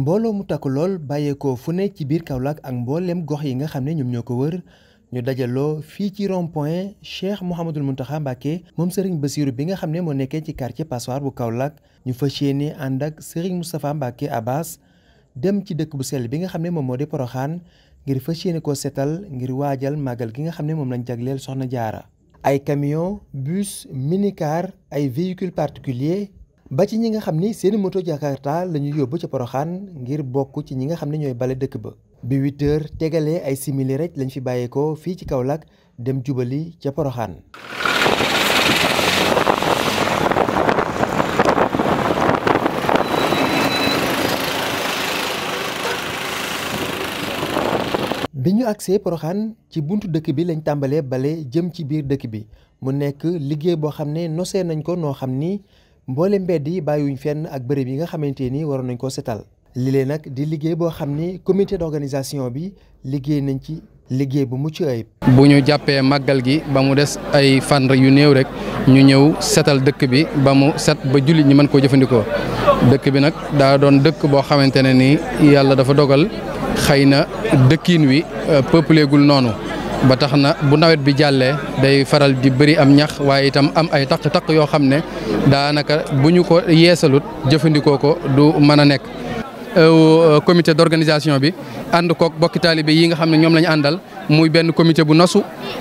mbooloo mu takk lool bàyyeekoo fu ne ci biir Kaolack ak mbooleem gox yi nga xam ne ñoom ñoo ko wër ñu dajaloo fii ci rond point Cheikh Mouhamadul Mountakha Mbacké moom Serigne Bassirou bi nga xam ne moo nekkee ci quartier Passoire bu Kaolack ñu fas yéene ànd ak Serigne Moustapha Mbacké Abbas dem ci dëkk bu sell bi nga xam ne moom moo di Poroxaan ngir fas yéene koo setal ngir waajal màggal gi nga xam ne moom lañ jagleel soxna jaara ay camion bus car ay véhicules particuliers ba ci ñi nga xam ni seeni moto Jakarta la ñu yóbbu ca Poroxaan ngir bokk ci ñi nga xam ne ñooy bale dëkk ba bi 8 tegalee ay simili rek lañ fi bàyyeekoo fii ci Kaolack dem jubali ca Poroxaan bi ñu agsee Poroxaan ci buntu dëkk bi lañ tàmbalee bale jëm ci biir dëkk bi mu nekk liggéey boo xam ne nose nañ ko noo xam ni mboole mbedd yi bàyyiwuñ fenn ak bërëb yi nga xamante ni waroon nañ ko setal lile nag di liggéey boo xam ni commité d'organisation bi liggéey nañ ci liggéey bu mucc ayib. bu ñu jàppee màggal gi ba mu des ay fan yu néew rek ñu ñëw setal dëkk bi ba mu set ba jullit ñi mën koo jëfandikoo dëkk bi nag daa doon dëkk boo xamante ne ni yàlla dafa dogal xëy na dëkkiin wi euh, peuplé noonu. ba tax na bu nawet bi jàllee day faral di bëri am ñax waaye itam am ay taq-taq yoo xam ne daanaka bu ñu ko yeesalut jëfandikoo ko du mën a nekk. Euh, euh, comité d'organisation bi ànd kook bokki taalibe yi nga xam ne ñoom lañu àndal muy benn comité bu nosu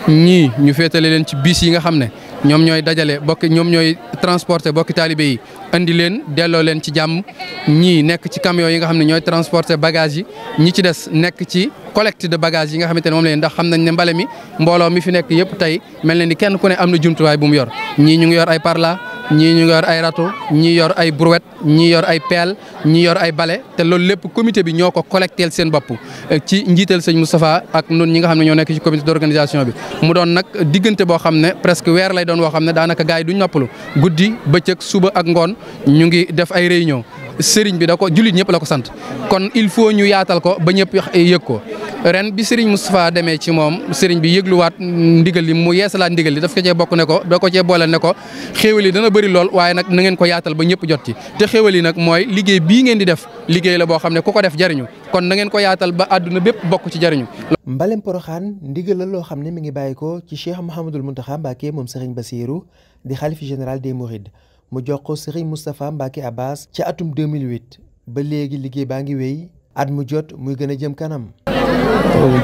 ñii ñu féetale leen ci bis yi nga xam ne. ñoom ñooy dajale bokk ñoom ñooy transporter bokki taalibe yi indi leen delloo leen ci jàmm ñii nekk ci camion yi nga xam ne ñooy transporter bagages yi ñi ci des nekk ci collecte de bagages yi nga xamante ne moom ndax xam nañ ne mbale mi mbooloo mi fi nekk yëpp tey mel na ni kenn ku ne am na jumtuwaay bu mu yor ñii ñu ngi yor ay parla ñii ñu yor ay râteau ñii yor ay brouette ñii yor ay pelle ñii yor ay bale te loolu lépp comité bi ñoo ko collecteel seen bopp euh, ci njiital sëñ Moustapha ak nun ñi nga xam ne ñoo nekk ci comité d'organisation bi mu doon nag diggante boo xam ne presque weer lay doon woo xam ne daanaka gars yi duñ noppalu guddi bëccëg suba ak ngoon ñu ngi def ay réunion sëriñ bi da ko jullit ñëpp la ko sant kon il faut ñu yaatal ko ba ñëpp yëg ko ren bi Serigne Moustapha demee ci moom Serigne bi yëgluwaat ndigal li mu yeesalaat ndigal li daf ko cee bokk ne ko doo ko cee booleel ne ko xéewal yi dana bëri lool waaye nag nangeen ko yaatal ba ñëpp jot ci te xéewal yi nag mooy liggéey bii ngeen di def liggéey la boo xam ne ku ko def jariñu kon na ngeen ko yaatal ba àdduna bépp bokk ci jariñu mbalem poroxaan ndigal la loo xam ne mi ngi bàyyi ko ci Cheikh Mouhamadul Mountakha Mbacké moom Serigne Bassirou di xalif général des Mourides mu jox ko Serigne Moustapha Mbacké Abbas ci atum 2008 ba léegi liggéey baa ngi wéy at mu jot muy gën a jëm kanam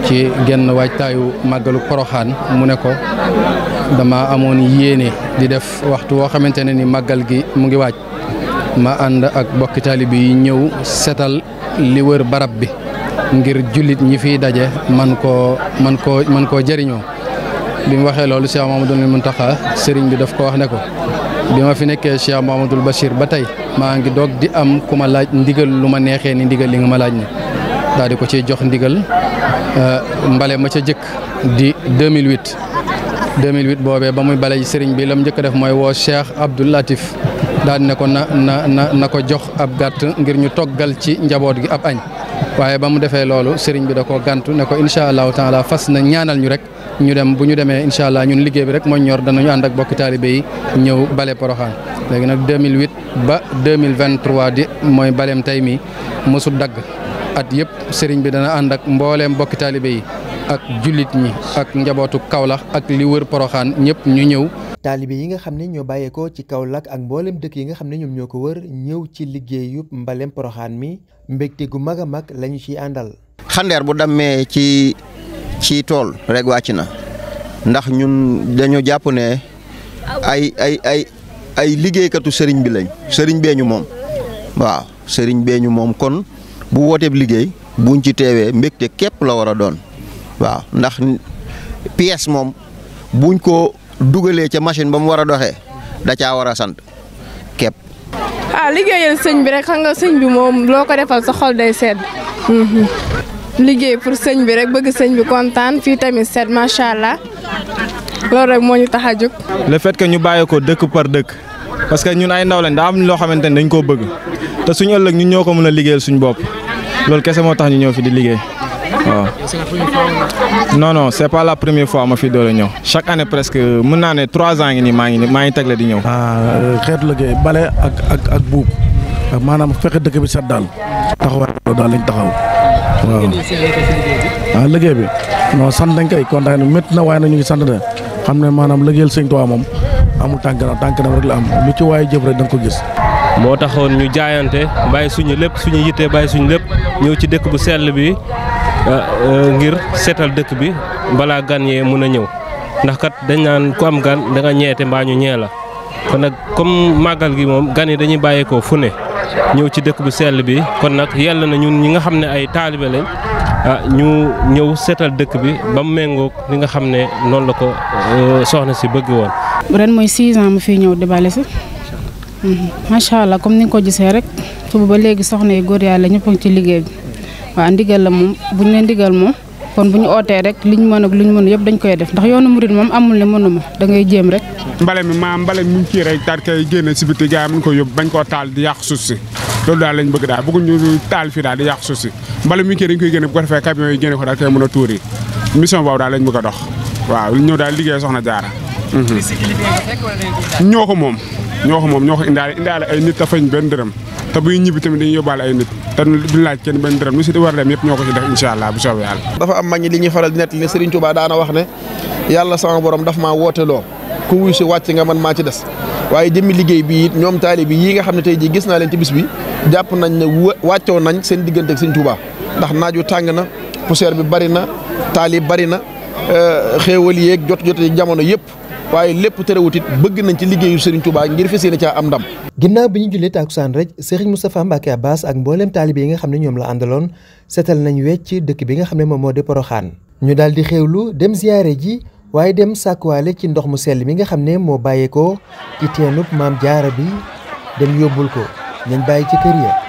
ci genn waajtaayu màggalu poroxaan mu ne ko dama amoon yéene di def waxtu woo xamante ne ni màggal gi mu ngi waaj ma ànd ak bokki taalibe yi ñëw setal li wër barab bi ngir jullit ñi fiy daje man ko man koo man koo jëriñoo bi mu waxee loolu Cheikh Mamadou Mountakha sëriñ bi daf ko wax ne ko bi ma fi nekkee Cheikh Mamadou Bachir ba tey maa ngi doog di am ku ma laaj ndigal lu ma neexee ni ndigal li nga ma laaj ne daal di ko ci jox ndigal euh, mbale ma ca jëkk di 2008 2008 boobee ba muy bale sëriñ bi lam njëkk a def mooy woo Cheikh Abdou Latif daal di ne ko na na na na ko jox ab gàtt ngir ñu toggal ci njaboot gi ab añ waaye ba mu defee loolu sëriñ bi da ko gàntu ne ko incha allahu taala fas na ñaanal ñu rek ñu dem bu ñu demee incha allah ñun liggéey bi rek mooy ñor danañu ànd ak bokki taalibe yi ñëw bale Poroxaan léegi nag 2008 ba 2023 di mooy baleem tey mi mësul dagg at yëpp sëriñ bi dana ànd ak mbooleem bokki taalibe yi ak jullit ñi ak njabootu kawlax ak li wër Poroxaan ñëpp ñu ñëw. taalibe yi nga xam ne ñoo bàyyeekoo ci Kaolack ak mbooleem dëkk yi nga xam ne ñoom ñoo ko wër ñëw ci liggéeyub mbaleem Poroxaan mi mbégte gu mag a mag lañu ci àndal. xandeer bu dammee ci ci tool rek wàcc na ndax ñun dañu jàpp ne ay ay ay ay liggéeykatu sëriñ bi lañ sëriñ beeñu moom waaw sëriñ beeñu moom kon. bu wooteeb liggéey bu ñu ci teewee mbégte képp la war a doon waaw ndax pièce moom buñ ko dugalee ca machine ba mu war a doxee da caa war a sant képp. ah liggéeyal sëñ bi rek xam nga sëñ bi moom loo ko defal sa xol day sedd. Mhm. liggéey pour sëñ bi rek bëgg sëñ bi kontaan fii tamit sedd macha allah loolu rek moo ñu tax a jóg. le fait que ñu bàyyi ko dëkk par dëkk parce que ñun ay ndaw lañ daa am loo xamante ne dañ koo bëgg te suñu ëllëg ñun ñoo ko mën a liggéeyal suñu bopp. loolu kese moo tax ñu ñëw fi di liggéey waaw. non non c' est pas la première fois ma fi door ñëw chaque année presque mën naa ne trois ans ngi nii maa ngi nii maa ngi tegle di ñëw. Ah, xeetu liggéey bale ak ak ak buub maanaam fexe dëkk bi set daal taxawaay loolu daal lañ taxaw waaw. ah bi moo sant nañ kay kontaan métti na waaye na ñu ngi sant na xam ne maanaam liggéeyal sëñ Tuubaa moom amul tànk na tànk na la am lu ci waaye jëf rek da nga ko gis. moo woon ñu jaayante bàyyi suñu lépp suñu yitte bàyyi suñu lépp ñëw ci dëkk bu sell bi ah, euh, ngir seetal dëkk bi balaa gan yee mun a ñëw ndax kat dañ naan ku am gan da nga ñeete mbaa ñu ñee la kon nag comme màggal gi moom gan yi dañuy bàyyeekoo fu ne ñëw ci dëkk bu sell bi kon nag yàlla na ñun ñi nga xam ne ay taalibe lañ ah, ñu ñëw seetal dëkk bi ba mu méngoog li nga xam ne noonu la ko euh, soxna si bëgg woon. ren mooy six ans ñëw di si macha allah comme ni nga ko gisee rek suba ba léegi soxna yi góor yàlla ñëpp ci liggéey bi waaw ndigal la moom buñ ne ndigal moom kon bu ñu ootee rek liñ mën ak luñ mën yëpp dañ koy def ndax yoonu murit moom amul ne mënuma da ngay jéem rek. mbale mi maam mbale mi mu ngi kii rek daal koy génne si biti gars yi mën ko yóbbu bañ koo taal di yàq suuf si loolu daal lañ bëgg daal bëgguñu taal fii daal di yàq suuf si mbale mi ngi kii dañ koy génne bu ko defee camion yi génne ko daal koy mën a tuuri mission boobu daal a dox ñoo ko moom ñoo ko moom ñoo ko indaale indaale ay nit tafañ benn dërëm te buy ñibbi tamit dañuy yóbbaale ay nit te duñ laaj kenn benn dërëm lu si di war a dem yëpp ñoo ko si def incha allah bu soobee yàlla. dafa am mag ñi li ñuy faral di nettali ne Serigne Touba daana wax ne yàlla sama boroom dafa ma woote loo ku wuy si wàcce nga man maa ci des waaye jëmmi liggéey bi it ñoom taali bi yii nga xam ne tey jii gis naa leen ci bi jàpp nañ ne wàccoo nañ seen diggante ak Serigne Touba ndax naaju tàng na poussière bi bari na taal yi bari na Euh, xewal yeeg jot jot jamono yëpp waaye lépp terewut it bëgg nañ ci liggéeyu Serigne Touba ngir fas yéene caa am ndam. ginnaaw bi ñu jullee tàkkusaan rek Serigne Moustapha Mbacke Abbas ak mboolem taalibe yi nga xam ne ñoom la àndaloon seetal nañ wecc dëkk bi nga xam ne moom moo di Poroxaan ñu daal di xéewlu dem ziyaare ji waaye dem sàkkuwaale ci ndox mu sell mi nga xam ne moo bàyyeekoo ci teenub maam jaara bi dem yóbbul ko nañ bàyyi ci kër ya